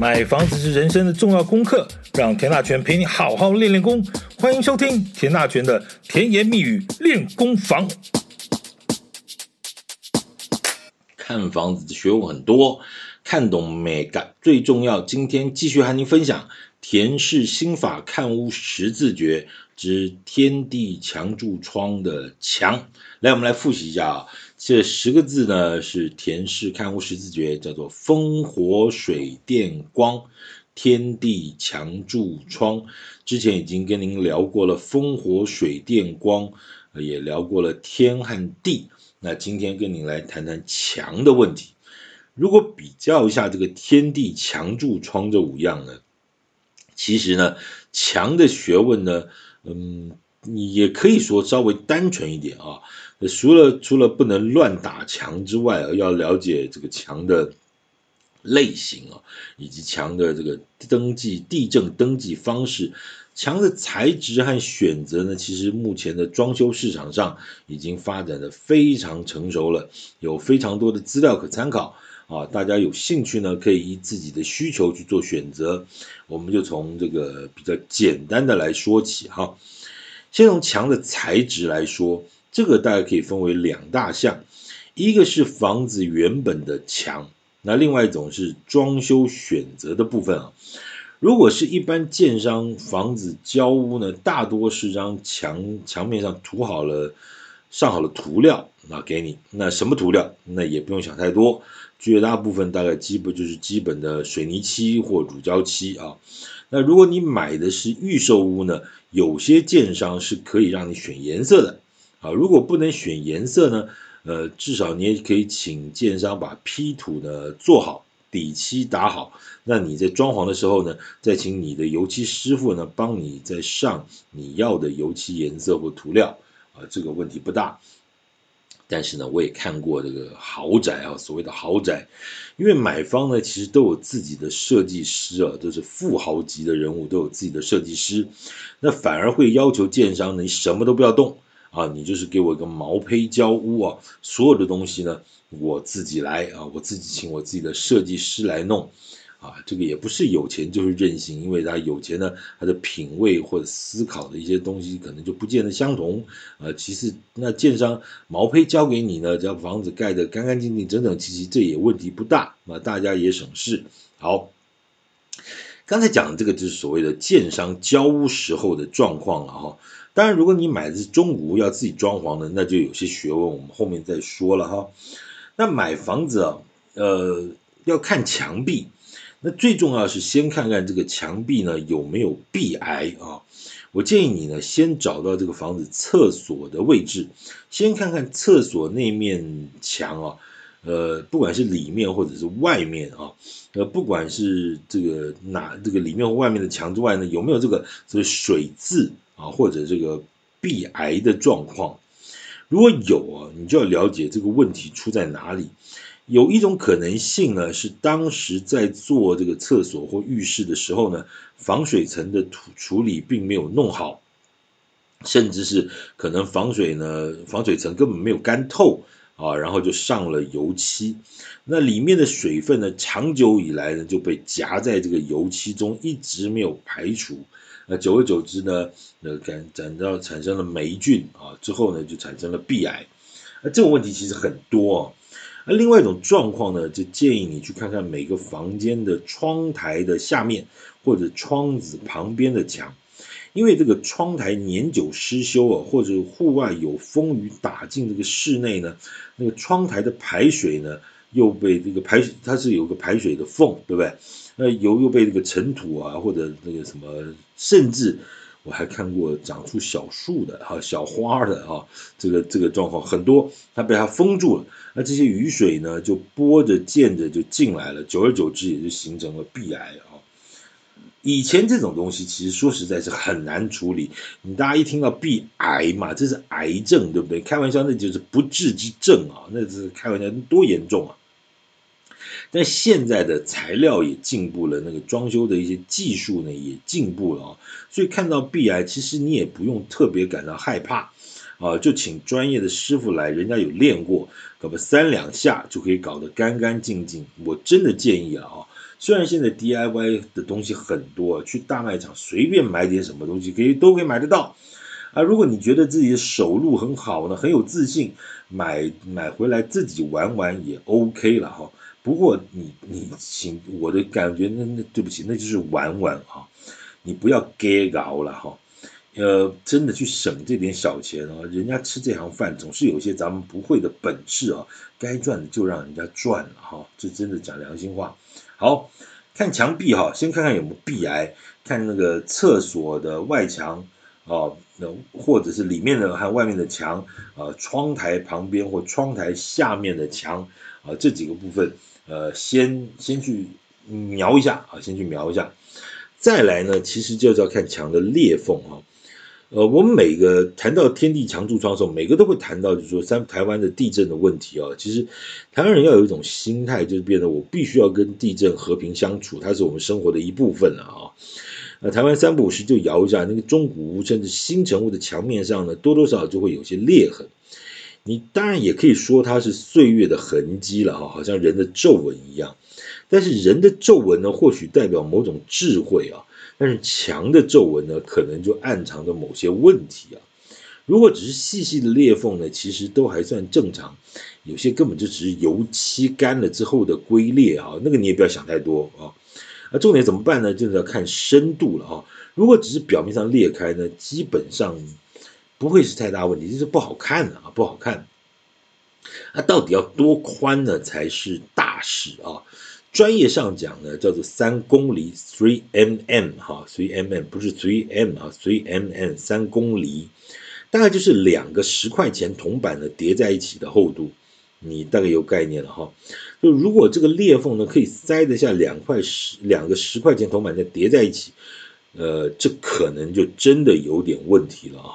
買房子是人生的重要功課，讓田大權陪你好好練練功。歡迎收聽田大權的甜言蜜語練功房。看房子的學問很多，看懂沒？最重要。今天繼續和您分享田氏心法看屋十字訣之天地牆柱窗的牆。來，我們來複習一下啊。這十個字呢，是田氏看屋十字訣，叫做風火水電光，天地牆柱窗。之前已經跟您聊過了風火水電光，也聊過了天和地。那今天跟您來談談牆的問題。如果比較一下這個天地牆柱窗這五樣呢，其實呢，牆的學問呢，嗯，你也可以說稍微單純一點啊。除了除了不能亂打牆之外，而要了解這個牆的類型啊，以及牆的這個等級、地震等級方式、牆的材質和選擇呢。其實目前的裝修市場上已經發展得非常成熟了，有非常多的資料可參考啊。大家有興趣呢，可以依自己的需求去做選擇。我們就從這個比較簡單的來說起哈，先從牆的材質來說。這個大概可以分為兩大項，一個是房子原本的牆，那另外一種是裝修選擇的部分啊。如果是一般建商房子交屋呢，大多是張牆牆面上塗好了、上好了塗料啊給你。那什麼塗料？那也不用想太多，絕大部分大概基本就是基本的水泥漆或乳膠漆啊。那如果你買的是預售屋呢，有些建商是可以讓你選顏色的。啊，如果不能選顏色呢？呃，至少你也可以請建商把批土呢做好，底漆打好。那你在裝潢的時候呢，再請你的油漆師傅呢幫你再上你要的油漆顏色或塗料啊，這個問題不大。但是呢，我也看過這個豪宅啊，所謂的豪宅，因為買方呢其實都有自己的設計師啊，都是富豪級的人物，都有自己的設計師，那反而會要求建商呢，你什麼都不要動。啊，你就是給我一個毛坯交屋啊，所有的東西呢，我自己來啊，我自己請我自己的設計師來弄，啊，這個也不是有錢就是任性，因為他有錢呢，他的品味或者思考的一些東西可能就不見得相同啊。其次，那建商毛坯交給你呢，只要房子蓋得乾乾淨淨、整整、整齊齊，這也問題不大，那、啊、大家也省事。好。剛才講的這個就是所謂的建商交屋時候的狀況了哈，當然如果你買的是中古屋要自己裝潢的，那就有些學問，我們後面再說了哈。那買房子啊，呃，要看牆壁，那最重要是先看看這個牆壁呢有沒有壁癌啊。我建議你呢先找到這個房子廁所的位置，先看看廁所那面牆啊。呃，不管是裡面或者是外面啊，呃，不管是這個哪這個裡面或外面的牆之外呢，有沒有這個這個水漬啊，或者這個壁癌的狀況？如果有啊，你就要了解這個問題出在哪裡。有一種可能性呢，是當時在做這個廁所或浴室的時候呢，防水層的處理並沒有弄好，甚至是可能防水呢防水層根本沒有乾透。啊，然後就上了油漆，那裡面的水分呢，長久以來呢就被夾在這個油漆中，一直沒有排除，那久而久之呢，那感、個、感到產生了黴菌啊，之後呢就產生了壁癌，那、啊、這種、個、問題其實很多啊，啊，另外一種狀況呢，就建議你去看看每個房間的窗台的下面或者窗子旁邊的牆。因為這個窗台年久失修啊，或者戶外有風雨打進這個室內呢，那個窗台的排水呢，又被這個排水，它是有個排水的縫，對不對？那、呃、油又被這個塵土啊，或者那個什麼，甚至我還看過長出小樹的啊、小花的啊，這個這個狀況很多，它被它封住了，那這些雨水呢，就撥着濺着就進來了，久而久之也就形成了壁癌啊。以前這種東西其實說實在是很難處理，你大家一聽到壁癌嘛，這是癌症，對不對？開玩笑，那就是不治之症啊，那就是開玩笑，多嚴重啊！但現在的材料也進步了，那個裝修的一些技術呢也進步了啊，所以看到壁癌，其實你也不用特別感到害怕啊，就請專業的師傅來，人家有練過，搞個三兩下就可以搞得乾乾淨淨。我真的建議啊。雖然現在 DIY 的東西很多，去大賣場隨便買點什麼東西可以都可以買得到，啊，如果你覺得自己的手路很好呢，很有自信，買買回來自己玩玩也 OK 了哈。不過你你請我的感覺，那那對不起，那就是玩玩哈。你不要 get out 了哈，呃，真的去省這點小錢啊，人家吃這行飯總是有些咱們不會的本事啊，該賺的就讓人家賺了哈，這真的講良心話。好，看牆壁哈，先看看有沒有壁癌，看那個廁所的外牆啊，或者是裡面的和外面的牆啊，窗台旁邊或窗台下面的牆啊，這幾個部分呃，先先去瞄一下啊，先去瞄一下，再來呢，其實就是要看牆的裂縫哈。呃，我們每個談到天地牆柱窗，每個都會談到，就是說三台灣的地震的問題啊、哦。其實，台灣人要有一種心態，就是變得我必須要跟地震和平相處，它是我們生活的一部分了啊、哦。呃，台灣三不五時就搖一下，那個中古屋甚至新成屋的牆面上呢，多多少少就會有些裂痕。你當然也可以說它是歲月的痕跡了哈、哦，好像人的皺紋一樣。但是人的皺紋呢，或許代表某種智慧啊。但是牆的皺紋呢，可能就暗藏着某些問題啊。如果只是細細的裂縫呢，其實都還算正常。有些根本就只是油漆乾了之後的龜裂啊，那個你也不要想太多啊。那重點怎麼辦呢？就是要看深度了啊。如果只是表面上裂開呢，基本上不會是太大問題，就是不好看了啊，不好看。那，啊，到底要多寬呢才是大事啊？專業上講呢，叫做三公釐 （three mm） 哈，three mm 不是 three m 3M，啊，three mm 三公釐，大概就是兩個十塊錢銅板的疊在一起的厚度，你大概有概念了哈。就如果這個裂縫呢，可以塞得下兩塊十兩個十塊錢銅板再疊在一起，呃，這可能就真的有點問題了啊。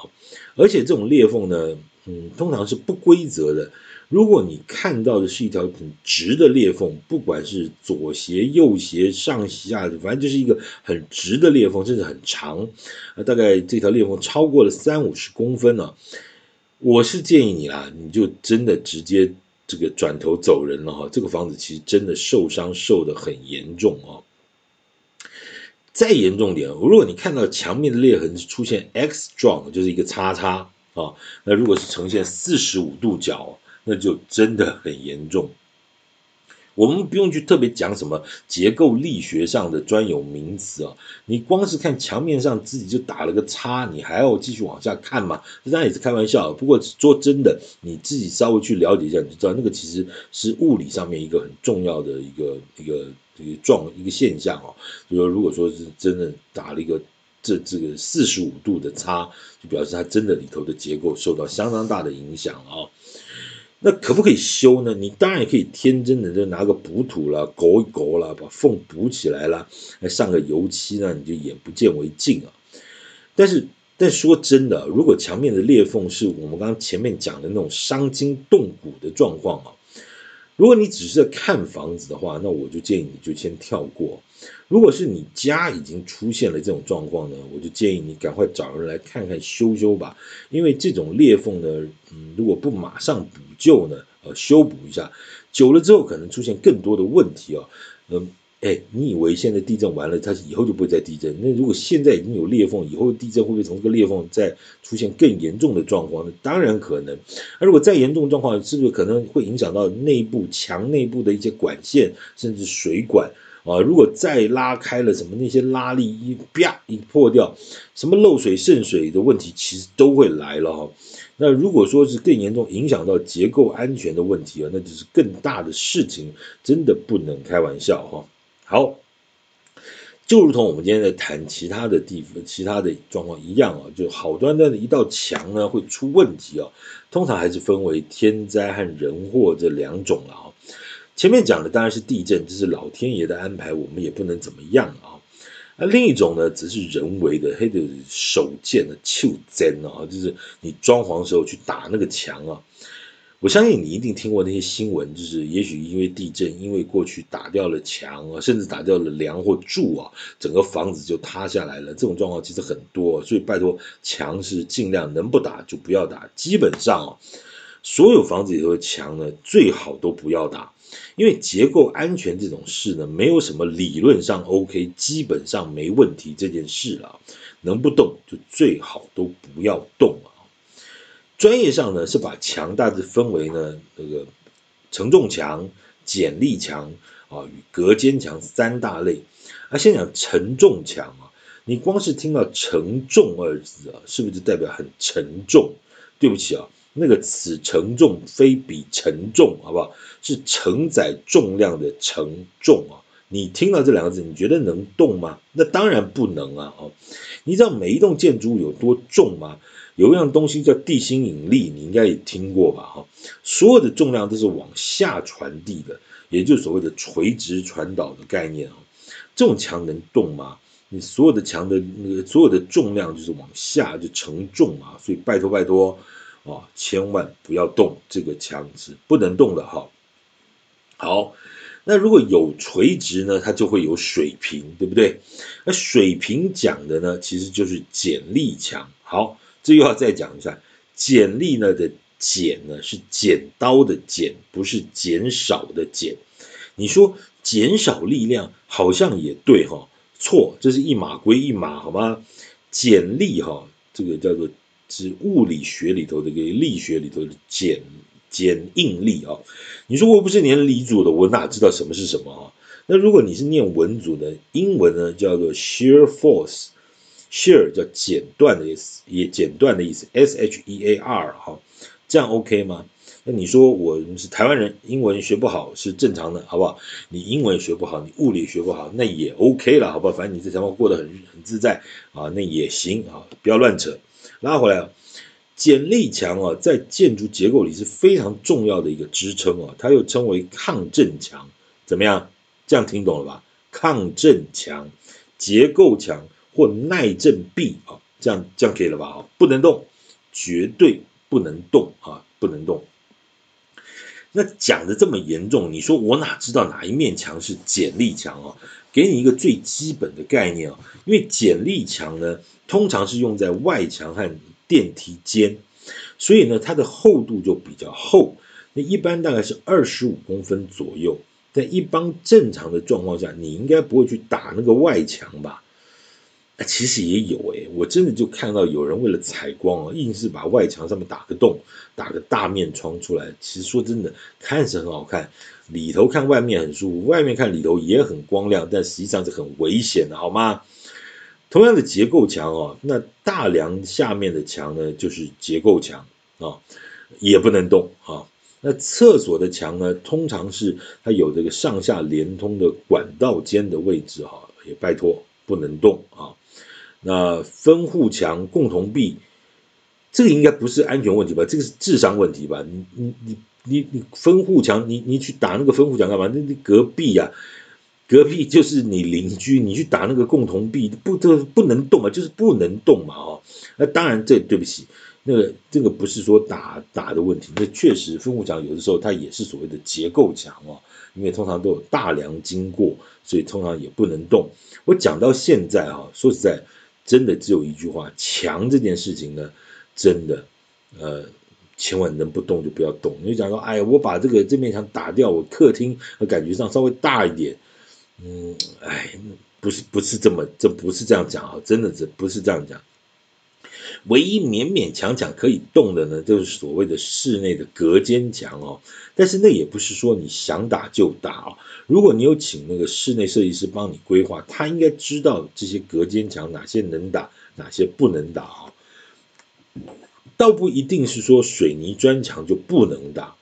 而且這種裂縫呢，嗯，通常是不規則的。如果你看到的是一條很直的裂縫，不管是左斜、右斜、上斜、下，反正就是一個很直的裂縫，甚至很長，啊，大概這條裂縫超過了三五十公分呢、啊，我是建議你啦、啊，你就真的直接這個轉頭走人了哈，這個房子其實真的受傷受得很嚴重哦、啊。再嚴重點、啊，如果你看到牆面的裂痕是出現 X 狀，就是一個叉叉啊，那如果是呈現四十五度角。那就真的很嚴重。我們不用去特別講什麼結構力學上的專有名詞啊，你光是看牆面上自己就打了個叉，你還要繼續往下看嗎？當然也是開玩笑啊，不過說真的，你自己稍微去了解一下，你就知道那個其實是物理上面一個很重要的一個一個一個，一個狀一個現象啊。就說如果說是真的打了一個這這個四十五度的叉，就表示它真的裡頭的結構受到相當大的影響啊。那可不可以修呢？你當然也可以天真的就拿個補土啦、勾一勾啦，把縫補起來啦。上個油漆呢，你就眼不見為淨啊。但是，但說真的，如果牆面的裂縫是我們剛剛前面講的那種傷筋動骨的狀況啊。如果你只是看房子的話，那我就建議你就先跳過。如果是你家已經出現了這種狀況呢，我就建議你趕快找人來看看修修吧。因為這種裂縫呢，嗯，如果不馬上補救呢，呃，修補一下，久了之後可能出現更多的問題哦、啊。嗯。哎，你以為現在地震完了，它以後就不會再地震？那如果現在已經有裂縫，以後地震會不會從這個裂縫再出現更嚴重的狀況呢？當然可能。那如果再嚴重的狀況，是不是可能會影響到內部，牆內部的一些管線，甚至水管啊？如果再拉開了什麼那些拉力一啪一破掉，什麼漏水滲水的問題，其實都會來了哈。那如果說是更嚴重影響到結構安全的問題啊，那就是更大的事情，真的不能開玩笑哈。好，就如同我們今天在談其他的地方、其他的狀況一樣啊，就好端端的一道牆呢，會出問題啊。通常還是分為天災和人禍這兩種啊。前面講的當然是地震，這是老天爺的安排，我們也不能怎麼樣啊。那另一種呢，只是人為的，黑的手賤的砌磚啊，就是你裝潢的時候去打那個牆啊。我相信你一定聽過那些新聞，就是也許因為地震，因為過去打掉了牆啊，甚至打掉了樑或柱啊，整個房子就塌下來了。這種狀況其實很多，所以拜託，牆是盡量能不打就不要打。基本上所有房子裡頭的牆呢，最好都不要打，因為結構安全這種事呢，沒有什麼理論上 OK，基本上沒問題這件事啊，能不動就最好都不要動啊。專業上呢，是把牆大致分為呢，那個承重牆、剪力牆啊與隔間牆三大類。啊，先講承重牆啊，你光是聽到“承重”二字啊，是不是就代表很沉重？對不起啊，那個“此承重”非彼沉重，好不好？是承載重量的“承重”啊。你聽到這兩個字，你覺得能動嗎？那當然不能啊！哦，你知道每一棟建築物有多重嗎？有一樣東西叫地心引力，你應該也聽過吧？哈、哦，所有的重量都是往下傳遞的，也就是所謂的垂直傳導的概念啊、哦。這種牆能動嗎？你所有的牆的那個所有的重量就是往下就承重啊，所以拜托拜托啊、哦，千萬不要動這個牆，是不能動的哈、哦。好。那如果有垂直呢，它就會有水平，對不對？那水平講的呢，其實就是剪力牆。好，這又要再講一下，剪力呢的剪呢是剪刀的剪，不是減少的減。你說減少力量好像也對哈、哦？錯，這是一碼歸一碼，好嗎？剪力哈、哦，這個叫做是物理學裡頭的這個力學裡頭的剪。剪應力啊、哦，你說我不是念理組的，我哪知道什麼是什麼啊？那如果你是念文組的，英文呢叫做 shear force，shear 叫剪斷的意思，也剪斷的意思，s h e a r 哈、哦，這樣 OK 嗎？那你說我是台灣人，英文學不好是正常的，好不好？你英文學不好，你物理學不好，那也 OK 了，好不好？反正你在台灣過得很很自在啊，那也行啊，不要亂扯。拉回來。剪力牆啊，在建築結構裡是非常重要的一個支撐啊，它又稱為抗震牆，怎麼樣？這樣聽懂了吧？抗震牆、結構牆或耐震壁啊，這樣這樣可以了吧？不能動，絕對不能動啊，不能動。那講的這麼嚴重，你說我哪知道哪一面牆是剪力牆啊？給你一個最基本的概念，啊，因為剪力牆呢，通常是用在外牆和電梯間，所以呢，它的厚度就比較厚，那一般大概是二十五公分左右。在一般正常的狀況下，你應該不會去打那個外牆吧？啊，其實也有誒，我真的就看到有人為了採光啊，硬是把外牆上面打個洞，打個大面窗出來。其實說真的，看似很好看，裡頭看外面很舒服，外面看裡頭也很光亮，但實際上是很危險的，好嗎？同樣的結構牆啊、哦，那大梁下面的牆呢，就是結構牆啊、哦，也不能動啊、哦。那廁所的牆呢，通常是它有這個上下連通的管道間的位置哈、哦，也拜托不能動啊、哦。那分戶牆共同壁，這個應該不是安全問題吧？這個是智商問題吧？你你你你你分戶牆，你你去打那個分戶牆幹嘛？那隔壁呀、啊。隔壁就是你鄰居，你去打那個共同壁，不，這不能動啊，就是不能動嘛，哦，那當然這對，對不起，那個這個不是說打打的問題，那確實分戶牆有的時候它也是所謂的結構牆哦，因為通常都有大梁經過，所以通常也不能動。我講到現在啊、哦，說實在，真的只有一句話，牆這件事情呢，真的呃，千萬能不動就不要動。你就講說，哎，我把這個這面牆打掉，我客廳感覺上稍微大一點。嗯，哎，不是不是這麼，這不是這樣講啊、哦，真的這不是這樣講。唯一勉勉強強可以動的呢，就是所謂的室內的隔間牆哦。但是那也不是說你想打就打哦。如果你有請那個室內設計師幫你規劃，他應該知道這些隔間牆哪些能打，哪些不能打哦。倒不一定是說水泥磚牆就不能打，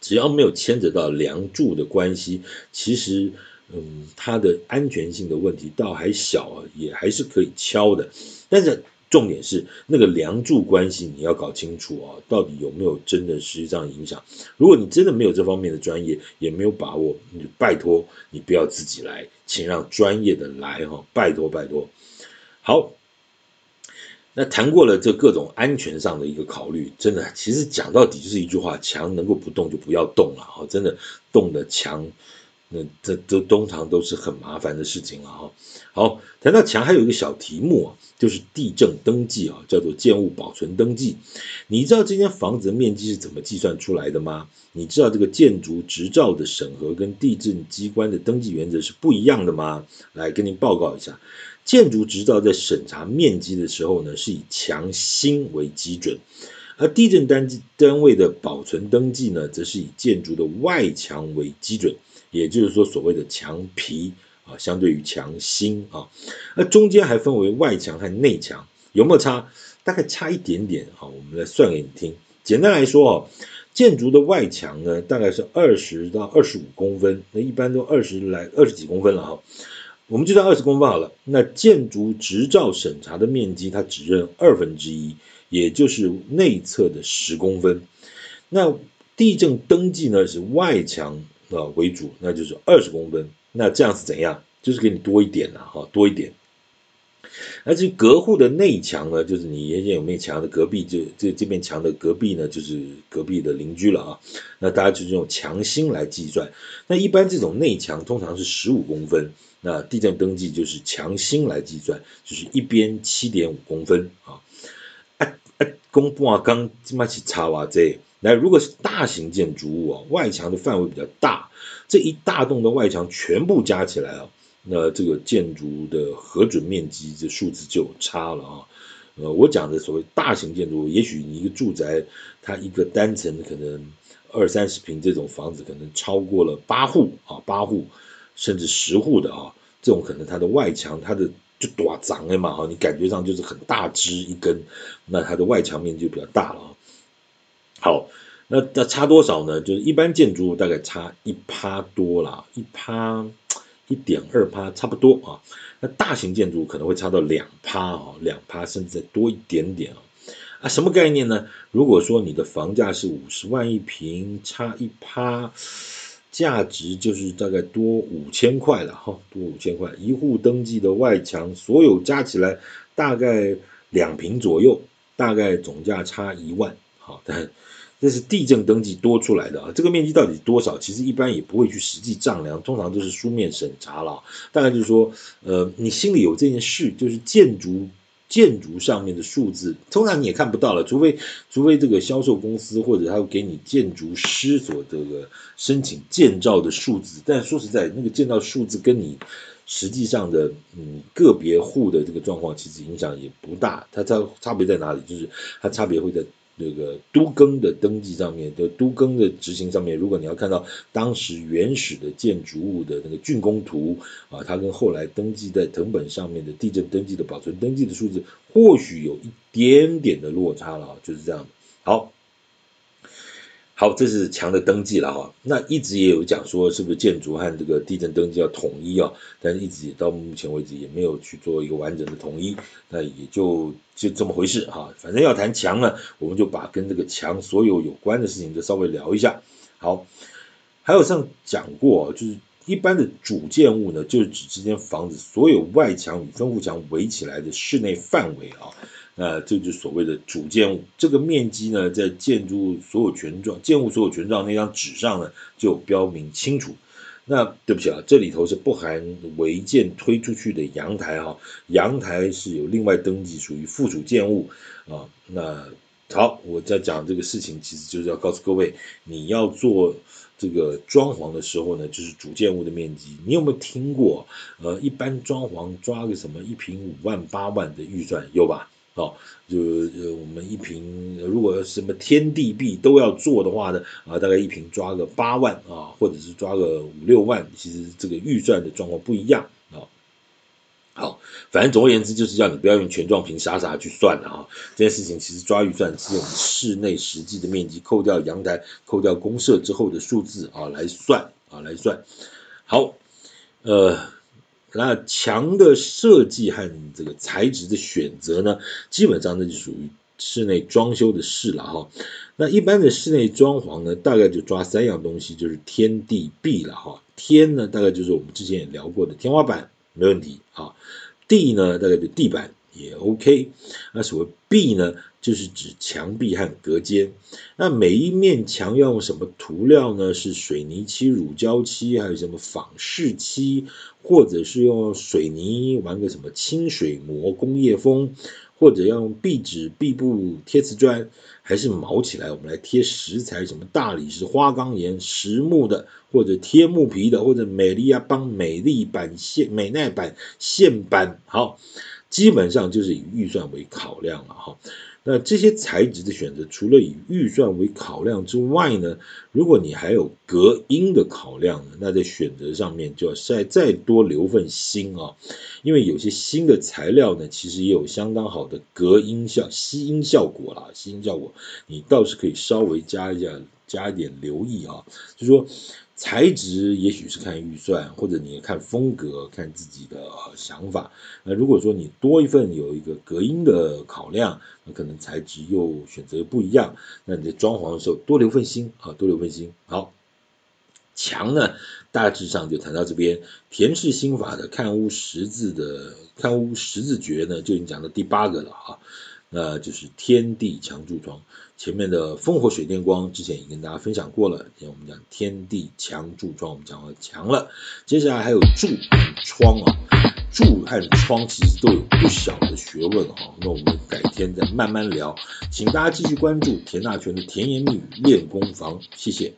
只要沒有牽扯到梁柱的關係，其實。嗯，它的安全性的問題倒還小，也還是可以敲的。但是重點是那個梁柱關係你要搞清楚啊、哦，到底有沒有真的實際上影響？如果你真的沒有這方面的專業，也沒有把握，你就拜托你不要自己來，請讓專業的來哈、哦，拜托拜托。好，那談過了這各種安全上的一個考慮，真的其實講到底就是一句話：牆能夠不動就不要動了啊、哦！真的動的牆。那這都通常都是很麻煩的事情了啊！好，談到牆，還有一個小題目啊，就是地政登記啊，叫做建物保存登記。你知道這間房子的面積是怎麼計算出來的嗎？你知道這個建築執照的審核跟地政機關的登記原則是不一樣的嗎？來跟您報告一下，建築執照在審查面積的時候呢，是以牆心為基準，而地政單單位的保存登記呢，則是以建築的外牆為基準。也就是說，所謂的牆皮啊，相對於牆心啊，那中間還分為外牆和內牆，有沒有差？大概差一點點。哈、啊，我們來算給你聽。簡單來說啊，建築的外牆呢，大概是二十到二十五公分，那一般都二十來二十幾公分了哈。我們就算二十公分好了。那建築執照審查的面積，它只認二分之一，也就是內側的十公分。那地震登記呢，是外牆。啊、哦、為主，那就是二十公分，那這樣是怎樣？就是給你多一點了，哈，多一點。那這隔戶的內牆呢，就是你眼前有面牆的隔壁，就這這邊牆的隔壁呢，就是隔壁的鄰居了啊。那大家就是用牆心來計算。那一般這種內牆通常是十五公分。那地震登記就是牆心來計算，就是一邊七點五公分啊。啊啊，講半講，今麥是查話者。那如果是大型建築物啊，外牆的範圍比較大，這一大棟的外牆全部加起來啊，那這個建築的核准面積這數字就差了啊。呃，我講的所謂大型建築物，也許你一個住宅，它一個單層的可能二三十坪這種房子，可能超過了八戶啊，八戶甚至十戶的啊，這種可能它的外牆它的就多長的嘛哈、啊，你感覺上就是很大支一根，那它的外牆面積就比較大了、啊。好，那那差多少呢？就是一般建築物大概差一趴多啦，一趴一點二趴差不多啊。那大型建築可能會差到兩趴哦，兩趴甚至再多一點點啊。啊，什麼概念呢？如果說你的房價是五十萬一平，差一趴，價值就是大概多五千塊了哈，多五千塊。一戶登記的外牆所有加起來大概兩平左右，大概總價差一萬，好，但。這是地政登記多出來的啊，這個面積到底多少？其實一般也不會去實際丈量，通常都是書面審查了啊。大概就是說，呃，你心裡有這件事，就是建築建築上面的數字，通常你也看不到了，除非除非這個銷售公司或者他會給你建築師所這個申請建造的數字。但說實在，那個建造數字跟你實際上的嗯個別戶的這個狀況，其實影響也不大。它差差別在哪裡？就是它差別會在。那、這個都更的登記上面，的都更的執行上面，如果你要看到當時原始的建築物的那個竣工圖啊，它跟後來登記在謄本上面的地震登記的保存登記的數字，或許有一點點的落差了，就是這樣。好。好，這是牆的登記了哈。那一直也有講說，是不是建築和這個地震登記要統一啊？但一直也到目前為止也沒有去做一個完整的統一，那也就就這麼回事哈。反正要談牆呢，我們就把跟這個牆所有有關的事情就稍微聊一下。好，還有像講過，就是一般的主建物呢，就是指這間房子所有外牆與分戶牆圍起來的室內範圍啊。那、呃、這就是所謂的主建物，這個面積呢，在建築所有權狀，建物所有權狀那張紙上呢，就標明清楚。那對不起啊，這裡頭是不含違建推出去的陽台哈，陽台是有另外登記，屬於附屬建物啊、呃。那好，我在講這個事情，其實就是要告訴各位，你要做這個裝潢的時候呢，就是主建物的面積。你有沒有聽過？呃，一般裝潢抓個什麼一坪五萬八萬的預算有吧？哦，就呃，我們一坪，如果什麼天地壁都要做的話呢，啊，大概一坪抓個八萬啊，或者是抓個五六萬，其實這個預算的狀況不一樣啊。好，反正總而言之，就是要你不要用權狀坪傻傻去算了啊。這件事情其實抓預算只有你室內實際的面積，扣掉陽台、扣掉公設之後的數字啊來算啊來算。好，呃。那牆的設計和這個材質的選擇呢，基本上那就屬於室內裝修的事了哈。那一般的室內裝潢呢，大概就抓三樣東西，就是天地壁了哈。天呢，大概就是我們之前也聊過的天花板，沒問題啊。地呢，大概就地板也 OK。那所謂壁呢？就是指牆壁和隔間，那每一面牆要用什麼塗料呢？是水泥漆、乳膠漆，還有什麼仿飾漆，或者是用水泥玩個什麼清水模工業風，或者要用壁紙、壁布、貼瓷磚，還是毛起來？我們來貼石材，什麼大理石、花崗岩、實木的，或者貼木皮的，或者美利亞邦、美利板線美耐板線板。好，基本上就是以預算為考量了哈。那這些材質的選擇，除了以預算為考量之外呢，如果你還有隔音的考量，那在選擇上面就要再再多留份心啊。因為有些新的材料呢，其實也有相當好的隔音效、吸音效果啦，吸音效果，你倒是可以稍微加一下，加一點留意啊，就是說。材質也許是看預算，或者你看風格，看自己的想法。那如果說你多一份有一個隔音的考量，那可能材質又選擇不一樣。那你在裝潢的時候多留份心啊，多留份心。好，牆呢，大致上就談到這邊。田氏心法的看屋十字的看屋十字訣呢，就已經講到第八個了啊。那就是天地牆柱窗，前面的風火水電光，之前已經跟大家分享過了。今天我們講天地牆柱窗，我們講了牆了，接下來還有柱和窗啊，柱和窗其實都有不小的學問啊。那我們改天再慢慢聊，請大家繼續關注田大權的甜言蜜語練功房，謝謝。